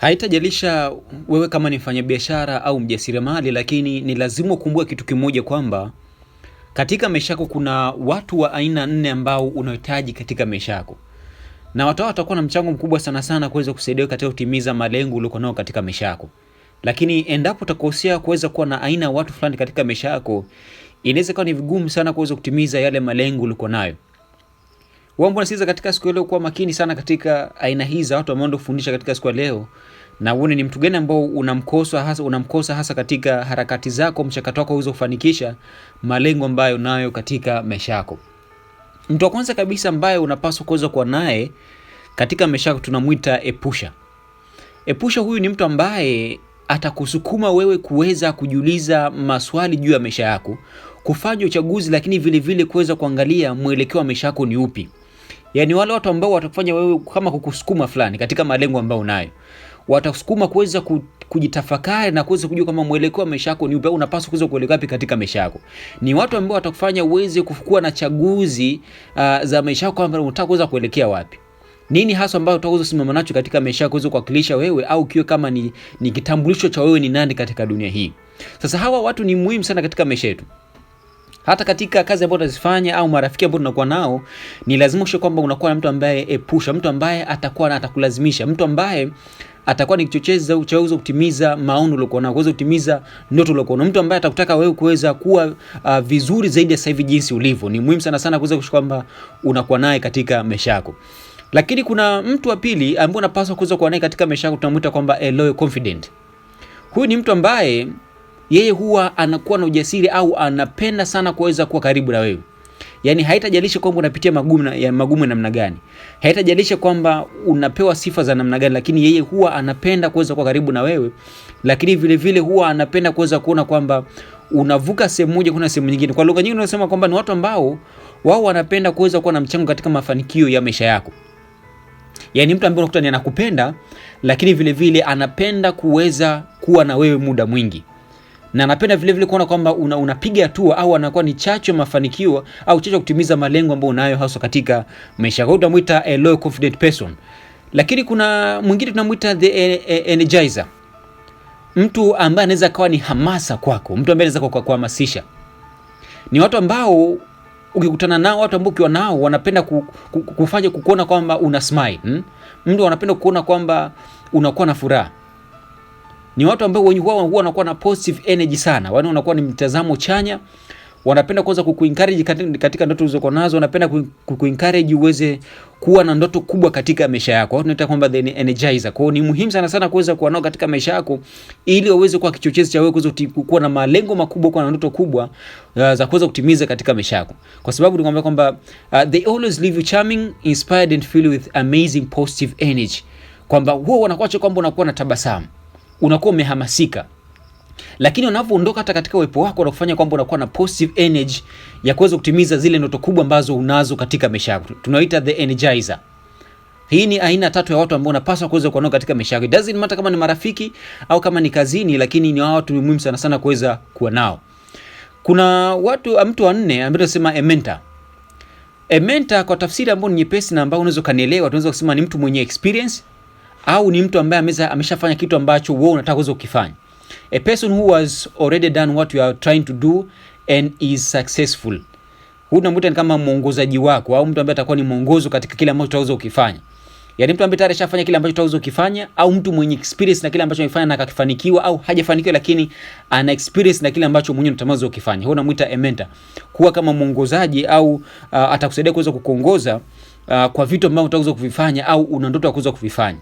Haitajalisha wewe kama ni mfanyabiashara au mjasiriamali, lakini ni lazima ukumbuke kitu kimoja kwamba katika maisha yako kuna watu wa aina nne ambao unahitaji katika maisha yako, na watu hao watakuwa na mchango mkubwa sana sana kuweza kusaidia katika kutimiza malengo uliokuwa nayo katika maisha yako. Lakini endapo utakosea kuweza kuwa na aina ya watu fulani katika maisha yako, inaweza kuwa ni vigumu sana kuweza kutimiza yale malengo uliokuwa nayo. Wambo nasikiza katika siku leo, kuwa makini sana katika aina hii za watu ambao kufundisha katika siku leo, na uone ni mtu gani ambao unamkosa hasa, unamkosa hasa katika harakati zako, mchakato wako uweze kufanikisha malengo ambayo nayo katika maisha yako. Mtu wa kwanza kabisa ambaye unapaswa kuweza kuwa naye katika maisha yako tunamwita epusha. Epusha huyu ni mtu ambaye atakusukuma wewe kuweza kujiuliza maswali juu ya maisha yako, kufanya uchaguzi, lakini vile vile kuweza kuangalia mwelekeo wa maisha yako ni upi yani wale watu ambao watakufanya wewe kama kukusukuma fulani katika malengo ambayo unayo, watakusukuma kuweza kujitafakari na kuweza kujua kama mwelekeo wa maisha yako ni upi, unapaswa kuweza kuelekea wapi katika maisha yako. Ni watu ambao watakufanya uweze kufukua na chaguzi uh, za maisha yako, kwamba unataka kuweza kuelekea wapi nini hasa ambayo utaweza kusimama nacho katika maisha yako kuweza kuwakilisha wewe au kiwe kama ni, ni kitambulisho cha wewe ni nani katika dunia hii. Sasa hawa watu ni muhimu sana katika maisha yetu hata katika kazi ambayo unazifanya au marafiki ambao unakuwa nao, ni lazima ushe kwamba unakuwa na mtu ambaye epusha, mtu ambaye atakuwa na atakulazimisha, mtu ambaye atakuwa ni kichochezi cha uwezo kutimiza maono uliokuwa nayo, kuweza kutimiza ndoto uliokuwa nayo, mtu ambaye atakutaka wewe kuweza kuwa uh, vizuri zaidi ya sasa hivi jinsi ulivyo. Ni muhimu sana sana kuweza kushika kwamba unakuwa naye katika maisha yako. Lakini kuna mtu wa pili ambaye unapaswa kuweza kuwa naye katika maisha yako, tunamwita kwamba eloy confident. Huyu ni mtu ambaye yeye huwa anakuwa na ujasiri au anapenda sana kuweza kuwa karibu na wewe. Yaani haitajalisha kwamba unapitia magumu ya magumu namna gani, haitajalisha kwamba unapewa sifa za namna gani, lakini yeye huwa anapenda kuweza kuwa karibu na wewe, lakini vile vile huwa anapenda kuweza kuona kwamba unavuka sehemu moja kuna sehemu nyingine. Kwa lugha nyingine, unasema kwamba ni watu ambao wao wanapenda kuweza kuwa na mchango katika mafanikio ya maisha yako. Yaani mtu ambaye unakuta ni anakupenda, lakini vile vile anapenda kuweza kuwa na wewe muda mwingi na napenda vile vile kuona kwamba unapiga una hatua au anakuwa ni chachu ya mafanikio au chachu ya kutimiza malengo ambayo unayo hasa katika maisha yako. Utamwita a eh, low confident person, lakini kuna mwingine tunamwita the eh, eh, energizer, mtu ambaye anaweza kawa ni hamasa kwako, mtu ambaye anaweza kuhamasisha. Ni watu ambao ukikutana nao, watu ambao ukiwa nao wanapenda kufanya kukuona kwamba una smile hmm? mtu anapenda kuona kwamba unakuwa na furaha ni watu ambao wenye wao huwa wanakuwa na positive energy sana, wani wanakuwa ni mtazamo chanya, wanapenda kwanza kukuencourage katika ndoto ulizokuwa nazo, wanapenda kukuencourage uweze kuwa na ndoto kubwa katika maisha yako. Wao tunaita kwamba the energizer. Kwa hiyo ni muhimu sana sana kuweza kuwa nao katika maisha yako ili waweze kuwa kichochezi cha wewe kuweza kuwa na malengo makubwa, kuwa na ndoto kubwa uh, za kuweza kutimiza katika maisha yako. Kwa sababu tunakwambia kwamba uh, they always leave you charming, inspired and filled with amazing positive energy. Kwamba wao wanakuacha kwamba unakuwa na tabasamu unakuwa umehamasika lakini unapoondoka hata katika uwepo wako na kufanya kwamba unakuwa na positive energy ya kuweza kutimiza zile ndoto kubwa ambazo unazo katika maisha yako, tunaita the energizer. Hii ni aina tatu ya watu ambao unapaswa kuweza kuwa nao katika maisha yako. It doesn't matter kama ni marafiki au kama ni kazini, lakini ni watu muhimu sana sana kuweza kuwa nao. Kuna watu mtu wa nne ambaye tunasema a mentor. A mentor kwa tafsiri ambayo ni nyepesi na ambayo unaweza kanielewa, tunaweza kusema ni mtu mwenye experience au ni mtu ambaye ameshafanya kitu ambacho wewe unataka uweze ukifanya. A person who has already done what you are trying to do and is successful. Huyu unamwita ni kama mwongozaji wako au mtu ambaye atakuwa ni mwongozo katika kile ambacho utaweza ukifanya. Yaani mtu ambaye tayari ashafanya kile ambacho utaweza ukifanya au mtu mwenye experience na kile ambacho amefanya na akafanikiwa au hajafanikiwa lakini ana experience na kile ambacho mwenyewe unatamani ukifanya. Huyu unamwita a mentor. Kuwa kama mwongozaji au uh, atakusaidia kuweza kukuongoza uh, kwa vitu ambavyo utaweza kuvifanya au una ndoto ya kuweza kuvifanya.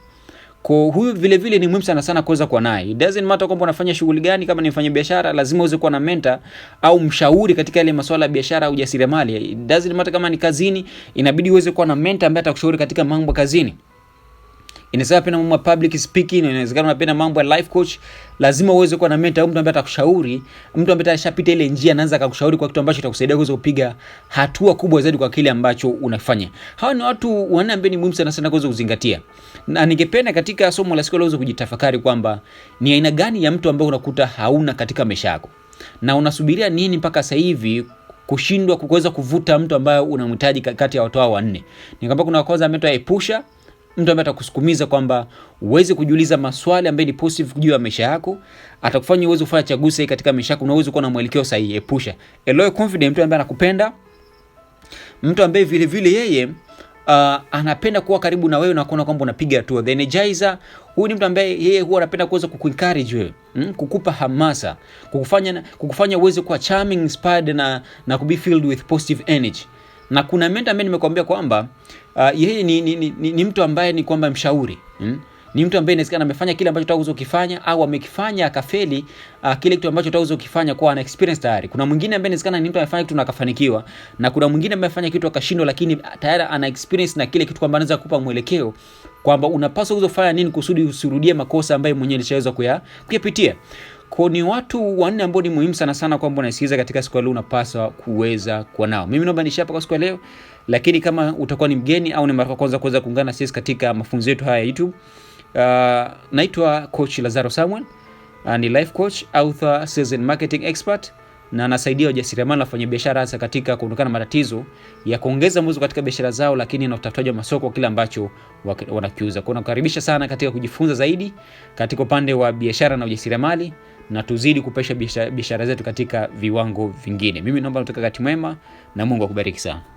Kwa huyu vile vile ni muhimu sana sana kuweza kuwa naye. It doesn't matter kwamba unafanya shughuli gani, kama ni mfanya biashara lazima uweze kuwa na mentor au mshauri katika yale masuala ya biashara au ujasiriamali. It doesn't matter kama ni kazini, inabidi uweze kuwa na mentor ambaye atakushauri katika mambo kazini inawezekana penda mambo ya public speaking, inawezekana unapenda mambo ya life coach. Lazima uweze kuwa na mentor au mtu ambaye atakushauri, mtu ambaye atashapita ile njia, anaanza akakushauri kwa kitu ambacho kitakusaidia kuweza kupiga hatua kubwa zaidi kwa kile ambacho unafanya. Hawa ni watu wanne ambao ni muhimu sana sana kuweza kuzingatia, na ningependa katika somo la siku leo uweze kujitafakari kwamba ni aina gani ya mtu ambaye unakuta hauna katika maisha yako na unasubiria nini mpaka sasa hivi kushindwa kuweza kuvuta mtu ambaye unamhitaji kati ya watu hao wanne. Nikwambia kuna kwanza ametoa epusha Mtu ambaye atakusukumiza kwamba uweze kujiuliza maswali ambayo ni positive juu ya maisha yako, atakufanya uweze kufanya chaguzi sahihi katika maisha yako na uweze kuwa na mwelekeo sahihi. Epusha a low confident, mtu ambaye anakupenda, mtu ambaye vile vile yeye Uh, anapenda kuwa karibu na wewe na kuona kwamba unapiga hatua. The energizer, huyu ni mtu ambaye yeye huwa anapenda kuweza kukuencourage wewe, mm, kukupa hamasa, kukufanya kukufanya uweze kuwa charming, inspired na na kubi filled with positive energy na kuna mentor ambaye nimekuambia kwamba uh, yeye ni, ni, ni, ni, ni mtu ambaye ni kwamba mshauri mm? ni mtu ambaye inawezekana amefanya kile ambacho utaweza ukifanya au amekifanya akafeli, uh, kile kitu ambacho utaweza ukifanya kwa ana experience tayari. Kuna mwingine ambaye inawezekana ni mtu amefanya kitu na akafanikiwa, na kuna mwingine ambaye amefanya kitu akashindwa, lakini tayari ana experience na kile kitu, kwamba anaweza kukupa mwelekeo kwamba unapaswa kufanya nini kusudi usirudie makosa ambayo mwenyewe alishaweza kuyapitia. Kwa ni watu wanne ambao ni muhimu sana sana kwamba unasikiliza katika siku ya leo, unapaswa kuweza kuwa nao. Mimi naomba niishi hapa kwa siku ya leo, lakini kama utakuwa ni mgeni au ni mara ya kwanza kuweza kuungana sisi katika mafunzo yetu haya ya YouTube, uh, naitwa coach Lazaro Samuel, uh, ni life coach, author, sales and marketing expert na anasaidia wajasiriamali na wafanyabiashara hasa katika kuondokana na matatizo ya kuongeza mwezo katika biashara zao, lakini na utafutaji wa masoko kile ambacho wanakiuza. Kwa nakukaribisha sana katika kujifunza zaidi katika upande wa biashara na ujasiriamali, na tuzidi kupesha biashara zetu katika viwango vingine. Mimi naomba nataka wakati mwema na Mungu akubariki sana.